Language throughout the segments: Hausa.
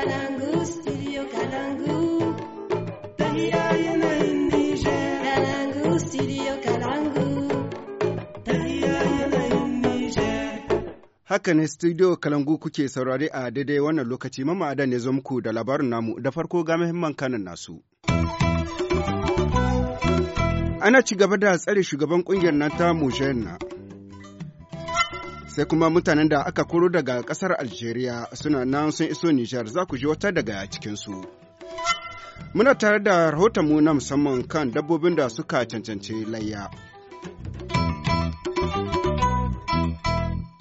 Kalangu. Haka ne studio Kalangu kuke saurari a daidai wannan lokaci mama ya zo muku da labarin namu da farko ga muhimman kanan nasu. Ana ci gaba da tsare shugaban kungiyar nan ta na. sai kuma mutanen da aka koro daga kasar algeria suna nan sun iso nijar za ku ji wata daga cikinsu muna tare da rahotonmu na musamman kan dabbobin da suka cancanci layya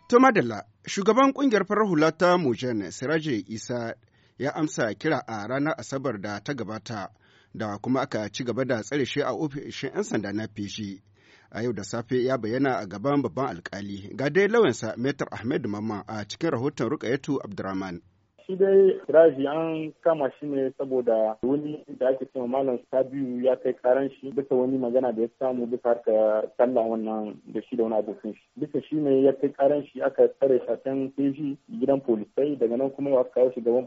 to madalla shugaban kungiyar farar hula ta mujen siraje isa ya amsa kira a ranar asabar da ta gabata da kuma aka ci gaba da tsare shi a ofishin 'yan sanda na fishi a yau da safe ya bayyana a gaban babban alkali ga dai lawansa metar ahmed mamman a cikin rahoton rukayetu abdurrahman shi dai Raji an kama shi ne saboda wani da ake cewa Malam Sabiu ya kai karan shi bisa wani magana da ya samu bisa harka sallah wannan da shi da wani abokin shi. Bisa shi ne ya kai karan shi aka tsare shi a can gidan polisai daga nan kuma aka kawo shi gaban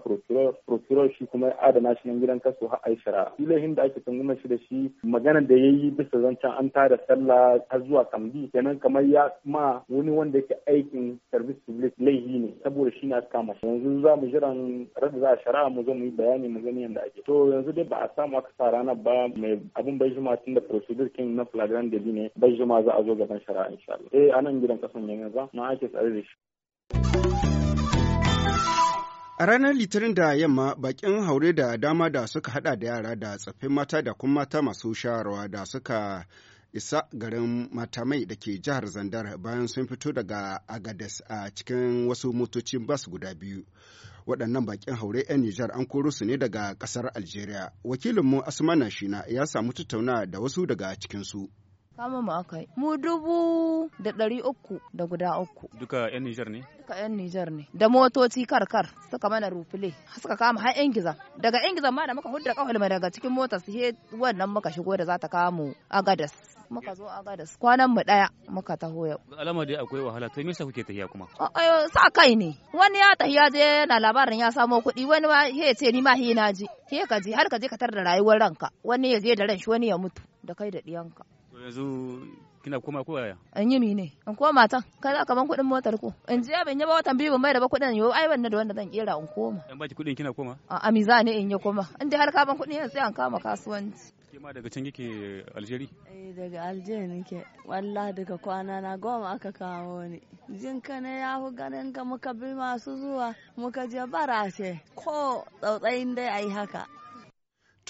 procuror shi kuma adana shi nan gidan kaso har aishara. shara. da ake tunguma shi da shi maganar da ya yi bisa zancen an tada sallah har zuwa kambi kenan kamar ya ma wani wanda yake aikin service public laihi ne saboda shi ne aka kama shi. Yanzu za mu jira kan rada za a shari'a mu zo mu yi bayani mu gani yadda ake to yanzu dai ba a samu aka sa ranar ba mai abin bai juma tun da procedure king na flagrant deli ne bai juma za a zo gaban shari'a insha Allah eh anan gidan kasan yanzu ba na ake tsare da shi A ranar Litinin da yamma bakin haure da dama da suka hada da yara da tsaffin mata da kuma mata masu shayarwa da suka isa garin matamai da ke jihar Zandar bayan sun fito daga Agades a cikin wasu motocin bas guda biyu. waɗannan bakin haure 'yan Nijar an koro su ne daga ƙasar Algeria. Wakilinmu Asmana Shina ya samu tattauna da wasu daga cikinsu. kama mu aka yi mu dubu da ɗari uku da guda uku duka yan nijar ne duka yan nijar ne da motoci karkar suka mana rufule suka kama har yan gizan daga yan gizan ma da muka da kawai daga cikin mota su wannan muka shigo da za ta kamu agadas muka zo agadas kwanan mu daya muka taho yau alama dai akwai wahala to me yasa kuke tahiya kuma ayo sa kai ne wani ya tahiya je yana labarin ya samo kuɗi wani ma he ce ni ma he na ji he ka ji har ka je ka tar da rayuwar ranka wani ya je da ran shi wani ya mutu da kai da diyanka yanzu kina koma ko yaya an yi ne an koma tan kai za ka ban kuɗin motar ko in je ban yaba watan biyu ban mai da ba kuɗin yo ai ban da wanda zan kera in koma an baki kuɗin kina koma a amiza ne in yi koma in dai har ka ban kuɗin yanzu an kama kasuwanci ke ma daga can kike aljeri eh daga aljeri nake wallah daga kwana na goma aka kawo ni jin ka ne ya hu ganin ka muka bi masu zuwa muka je barashe ko tsautsayin dai ai haka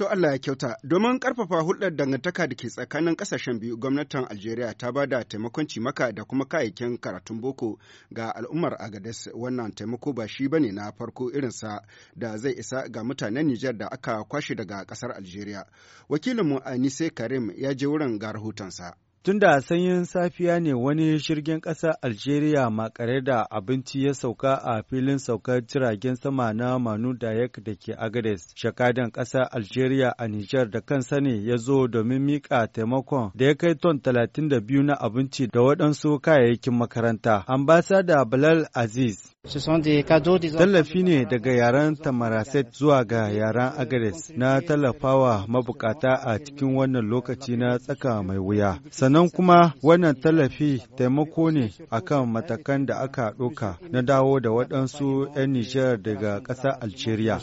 To Allah ya kyauta, domin ƙarfafa hulɗar dangantaka da ke tsakanin ƙasashen biyu gwamnatin Algeria ta ba da taimakon cimaka da kuma kayayyakin karatun boko ga al'ummar Agades wannan taimako ba shi bane na farko irin sa da zai isa ga mutanen Nijar da aka kwashe daga ƙasar Algeria. Wakilinmu Anise Karim ya je wurin ga rahotonsa. Tun da sanyin safiya ne wani shirgin ƙasa Algeria makare da abinci ya sauka a filin saukar jiragen sama na Manu Dayak da ke Agades. Shakadan ƙasar Algeria a Nijar da kan sani ya zo domin miƙa taimakon da ya kai ton 32 na abinci da waɗansu kayayyakin makaranta. Ambasada Bilal Aziz Tallafi ne daga yaren Tamaraset zuwa ga yaren Agares na tallafawa mabukata a cikin wannan lokaci na tsaka mai wuya. Sannan kuma wannan tallafi taimako ne kan matakan da aka ɗauka na dawo da waɗansu 'yan Nijar daga ƙasar Algeria.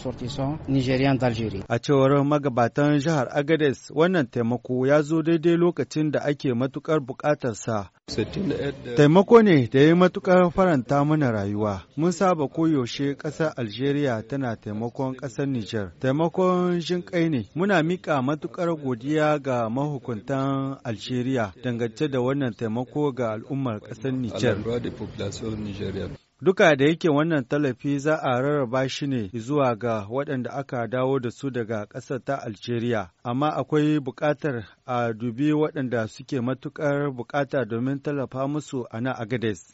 A cewar magabatan jihar Agares wannan taimako ya zo daidai lokacin da ake matuƙar buƙatarsa. Taimako ne da ya yi matuƙar faranta mana rayuwa. Mun saba koyaushe ƙasar Algeria tana taimakon ƙasar niger Taimakon jinƙai ne. Muna miƙa matuƙar godiya ga mahukuntan Algeria dangance da wannan taimako ga al'ummar ƙasar niger. Duka da yake wannan tallafi za a rarraba shi ne zuwa ga waɗanda aka dawo da su daga ƙasar ta Algeria, amma akwai buƙatar a dubi waɗanda suke matuƙar buƙata domin tallafa musu a nan Agades.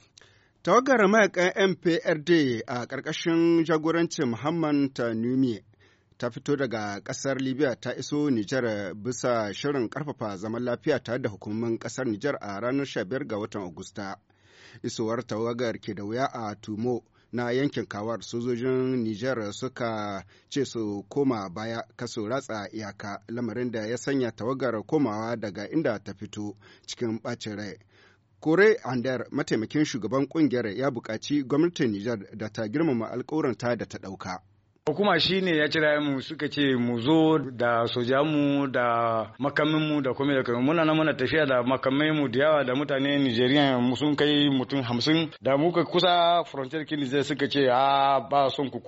Tawagar mayakan MPRD a ƙarƙashin jagorancin Muhammad Tanumi ta fito daga ƙasar Libya ta iso Nijar bisa shirin ƙarfafa zaman lafiya tare da hukumomin ƙasar Nijar a ranar 15 ga watan Agusta. Isowar tawagar ke da wuya a Tumo na yankin kawar sojojin Nijar suka ce su koma baya kaso ratsa iyaka lamarin da ya sanya tawagar komawa daga inda ta fito cikin ɓacin rai. Kore andar mataimakin shugaban kungiyar ya buƙaci gwamnatin Nijar da ta girmama ta da ta ɗauka. Hukuma shi ne ya kira mu suka ce mu zo da sojamu da makaminmu da kome da kome. Muna nan muna tafiya da makamai mu da yawa da mutane nigeria mu sun kai mutum hamsin da muka kusa frontier zai suka ce a ba son ku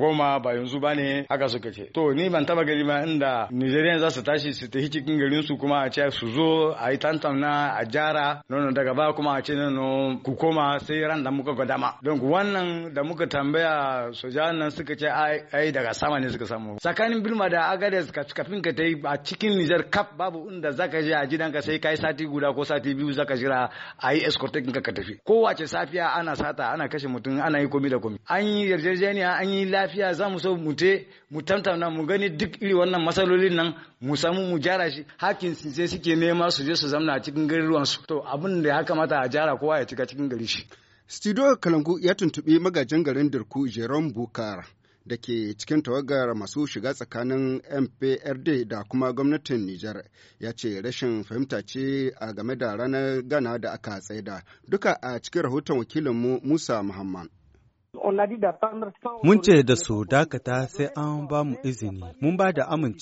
ba yanzu ba ne haka suka ce. To ni ban taba gari ba inda Nijeriya za su tashi su tafi cikin garin su kuma a ce su zo a yi na a jara nono daga ba kuma a ce nono ku koma sai ran da muka ga ma. Don wannan da muka tambaya sojan nan suka ce ai ai daga sama ne suka samu tsakanin Bilma da Agadez kafin ka tai a cikin Nijar kap babu inda zaka je a gidan ka sai kai sati guda ko sati biyu zaka jira a yi escort din ka tafi kowace safiya ana sata ana kashe mutum ana yi komi da komi an yi yarjejeniya an yi lafiya za mu so mu te mu tantauna mu gani duk iri wannan matsalolin nan mu samu mu jara shi hakin sai suke nema su je su zamna a cikin garuruwan su to abin da ya kamata a jara kowa ya cika cikin gari shi Studio Kalangu ya tuntuɓi magajin garin Dirku Jerome bukara. da ke cikin tawagar masu shiga tsakanin mprd da kuma gwamnatin nijar ya ce rashin fahimta ce a game da ranar gana da aka tsaida duka a cikin rahoton wakilinmu musa muhammad Mun ce da su dakata sai an ba mu izini, mun ba da mu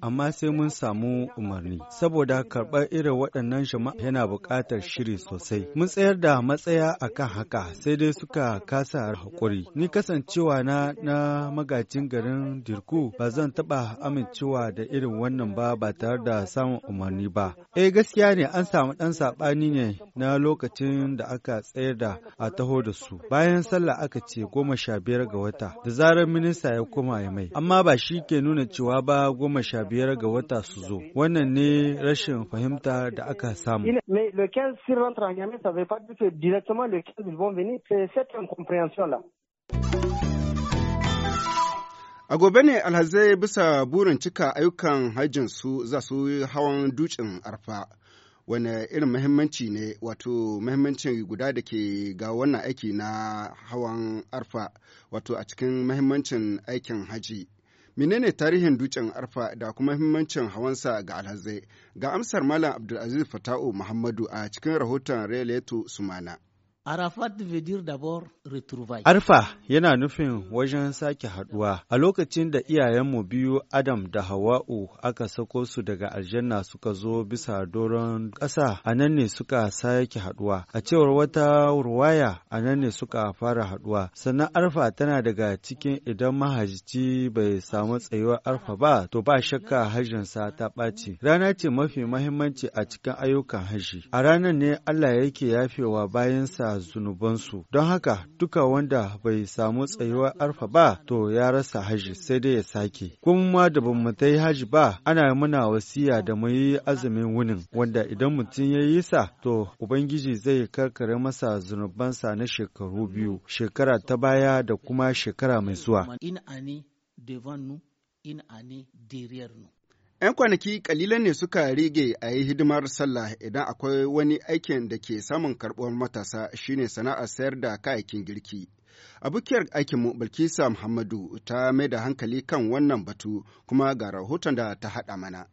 amma sai mun samu umarni, saboda karɓar irin waɗannan jama'a yana buƙatar shiri sosai. Mun tsayar da matsaya a kan haka sai dai suka kasa haƙuri. Ni kasancewa na na magajin garin Dirku ba zan taɓa amincewa da irin wannan ba ba tare da samun umarni ba. Eh gaskiya ne an samu ɗan saɓani ne na lokacin da aka tsayar da a taho da su. Bayan sallah aka ce goma sha biyar ga wata da zarar minista ya koma ya mai amma ba shi ke nuna cewa ba goma sha biyar ga wata su zo wannan ne rashin fahimta da aka samu. A gobe ne alhazai bisa burin cika ayyukan hajjinsu za su hawan dutsen arfa. wani irin mahimmanci ne wato mahimmancin guda da ke ga wannan aiki na hawan arfa wato a cikin mahimmancin aikin haji menene tarihin dutsen arfa da kuma mahimmancin hawansa ga alhazai ga amsar malam abdulaziz fata'u muhammadu a cikin rahoton releto sumana Arafat veut dire d'abord retrouvailles. Arfa yana nufin wajen sake haduwa. A lokacin da iyayenmu biyu Adam da Hawa'u aka sako su daga aljanna suka zo bisa doron ƙasa, a nan ne suka sake haduwa. A cewar wata ruwaya, a nan ne suka fara haduwa. Sannan Arfa tana daga cikin idan mahajici bai samu tsayuwar Arfa ba, to ba shakka hajjinsa ta ɓaci. Rana ce mafi mahimmanci a cikin ayyukan hajji. A ranar ne Allah yake yafewa bayansa a zunubansu. Don haka duka wanda bai samu tsayuwar arfa ba to ya rasa haji sai dai ya sake. Kuma da ba ta yi haji ba ana muna wasiya da mu yi azumin wunin wanda idan mutum ya yi sa to Ubangiji zai karkare masa zunubansa na shekaru biyu, shekara ta baya da kuma shekara mai zuwa. In ani in ani 'Yan kwanaki kalilan ne suka rige a yi hidimar sallah idan akwai wani aikin da ke samun karɓuwar matasa shine sana'ar sayar da kayayyakin girki. a Abokiyar aikinmu Bilkisa Muhammadu ta mai da hankali kan wannan batu kuma ga rahoton da ta haɗa mana.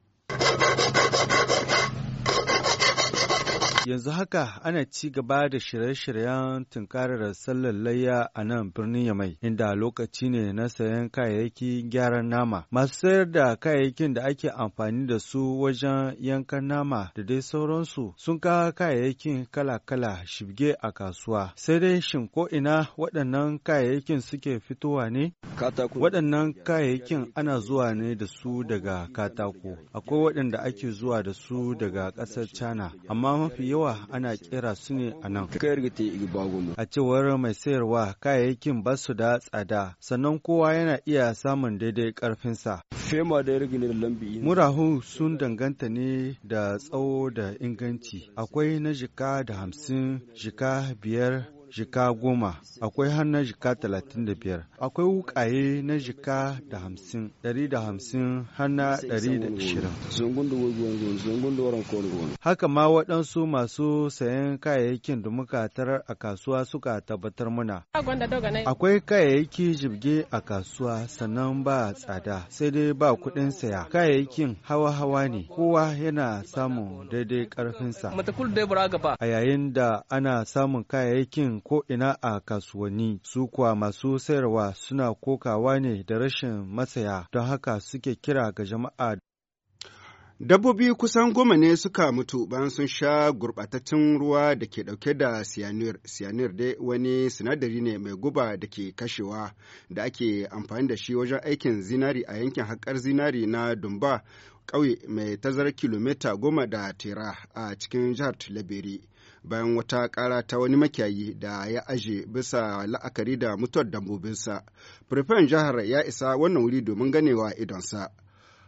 Yanzu haka ana ci gaba da shirye-shiryen tunkarar sallar layya a nan birnin Yamai, inda lokaci ne na sayan kayayyaki gyaran nama. Masu sayar da kayayyakin da ake amfani da su wajen yankan nama da dai sauransu sun ka kayayyakin kala-kala shibge a kasuwa. Sai dai shin ko ina waɗannan kayayyakin suke fitowa ne? Waɗannan kayayyakin ana zuwa ne da su daga katako. Akwai waɗanda ake zuwa da su daga ƙasar China, amma mafi yawa ana kera su ne a nan. A cewar mai sayarwa kayayyakin ba su da tsada, sannan kowa yana iya samun daidai ƙarfinsa. Murahu sun danganta ne da tsawo da inganci. Akwai na jika da hamsin, jika biyar jika goma akwai har na jika talatin da biyar akwai wukaye na jika da hamsin dari da hamsin har na ɗari da ashirin haka ma waɗansu masu sayan kayayyakin da muka tarar a kasuwa suka tabbatar muna akwai kayayyaki jibge a kasuwa sannan ba tsada sai dai ba kuɗin saya kayayyakin hawa-hawa ne kowa yana samun daidai ƙarfinsa a yayin da ana samun kayayyakin ko'ina a kasuwanni, su kuwa masu sayarwa suna kokawa ne da rashin masaya don haka suke kira ga jama'a. Dabbobi kusan goma ne suka mutu bayan sun sha gurɓataccen ruwa da ke ɗauke da siyanir. Siyanir dai wani sinadari ne mai guba da ke kashewa da ake amfani da shi wajen aikin zinari a yankin haƙar zinari na Dumba ƙauye mai tazarar kilomita goma da tera a cikin jihar Tilaberi. bayan wata kara ta wani makiyayi da ya aje bisa la'akari da mutuwar dambobinsa. Prefen jihar ya isa wannan wuri domin ganewa idonsa.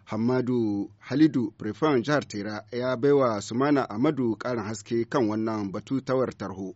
Hamadu Halidu Prefen jihar Tera ya baiwa Sumana Amadu ƙarin haske kan wannan batu tawar tarho.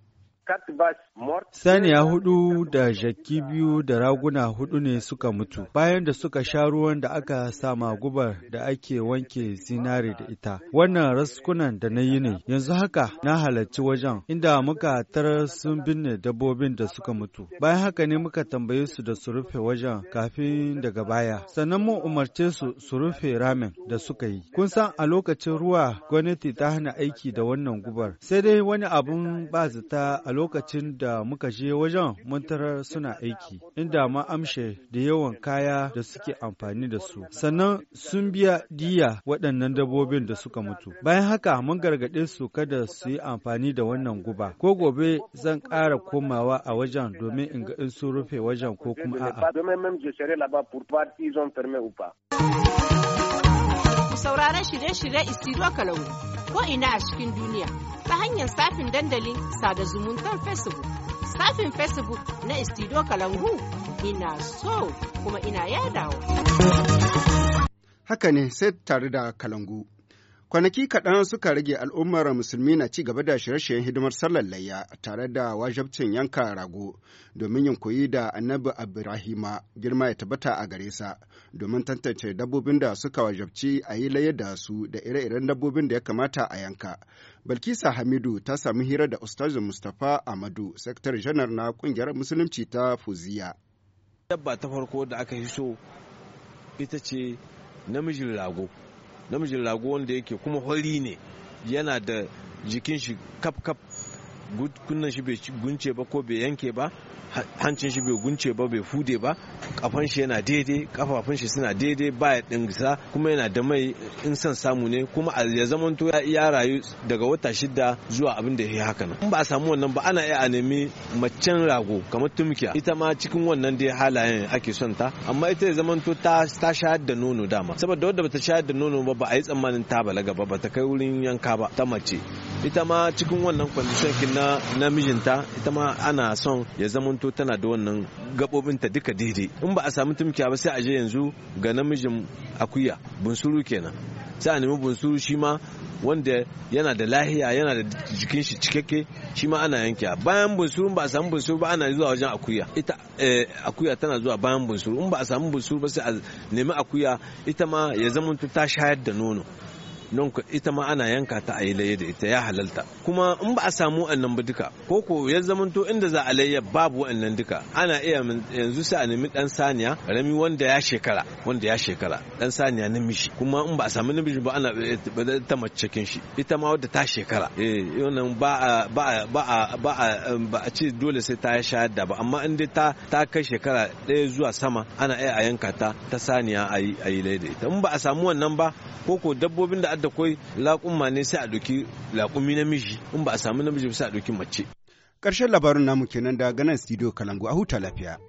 Saniya hudu da jaki biyu da raguna hudu ne suka mutu bayan da suka sha ruwan da aka sama gubar da ake wanke zinare da ita. Wannan raskunan da na yi ne, yanzu haka na halarci wajen inda muka tarar sun binne dabbobin da suka mutu. Bayan haka ne muka tambaye su da su rufe wajen kafin daga baya. Sannan mun umarce su su rufe ramen da suka yi. Kun san a lokacin ruwa gwamnati ta hana aiki da wannan gubar. Sai dai wani abun ba zata a lokacin da muka je wajen mun suna aiki, inda ma amshe da yawan kaya da suke amfani da su. Sannan sun biya diya waɗannan dabbobin da suka mutu. Bayan haka mun gargaɗe su kada su yi amfani da wannan guba. Ko gobe zan ƙara komawa a wajen domin in ga in sun rufe wajen ko kuma a'a. Sauraron shirye-shirye Isidro Kalau ko'ina a cikin duniya ta hanyar safin dandalin sada zumuntar Facebook. Safin Facebook na Istido Kalangu ina so kuma ina yadawa. Haka ne sai tare da Kalangu. Kwanaki kaɗan suka rage al'ummar musulmi na ci gaba da shirye-shiryen hidimar sallar layya tare da wajabcin yanka rago domin yin koyi da annabi Ibrahima girma ya tabbata a gare sa domin tantance dabbobin da suka wajabci a yi layya da su da ire-iren dabbobin da ya kamata a yanka. Balkisa Hamidu ta sami hira da Ustaz Mustapha Amadu, Sektar Janar na ƙungiyar Musulunci ta Fuziya. Dabba ta farko da aka yi so ita ce namijin rago. namijin rago wanda yake kuma hori ne yana da jikin shi kaf kaf kunnan shi bai gunce ba ko bai yanke ba hancin shi bai gunce ba bai fude ba kafan shi yana daidai kafafun shi suna daidai baya dingisa kuma yana da mai in son samu ne kuma ya zamanto ya rayu daga wata shida zuwa abin da ya haka nan in ba a samu wannan ba ana iya a nemi macen rago kamar tumkiya ita ma cikin wannan dai halayen ake son ta amma ita ya zamanto ta ta shayar da nono dama saboda wadda bata shayar da nono ba ba a yi tsammanin ta balaga ba ta kai wurin yanka ba ta mace ita ma cikin wannan kwandishin na namijinta ita ma ana son ya zamanto tana da wannan gabobinta duka daidai in ba a samu tumkiya ba sai a je yanzu ga namijin akuya bunsuru kenan sai a nemi bunsuru shi ma wanda yana da lahiya yana da jikin shi cikakke shi ma ana yanke bayan bunsuru ba a samu bunsuru ba ana zuwa wajen akuya ita eh, akuya tana zuwa bayan bunsuru in ba a samu bunsuru ba sai a nemi akuya ita ma ya zama ta shayar da nono don ita ma ana yanka ta a yi laye da ita ya halalta kuma in ba a samu wannan ba duka ko ko ya zamanto inda za a layya babu wannan duka ana iya yanzu sai a nemi dan saniya rami wanda ya shekara wanda ya shekara dan saniya na mishi kuma in ba a samu namiji ba ana ta mace cikin shi ita ma wadda ta shekara eh wannan ba a ba a ba a ba a ba a ce dole sai ta shayar da ba amma in dai ta ta kai shekara ɗaya zuwa sama ana iya a yanka ta ta saniya a yi laye da ita in ba a samu wannan ba ko ko dabbobin da da kwai laƙumma ne sai a doki laƙumi namiji in ba a samu namiji ba sai a doki mace. Ƙarshen labarin namu kenan da ganan studio Kalangu a huta lafiya.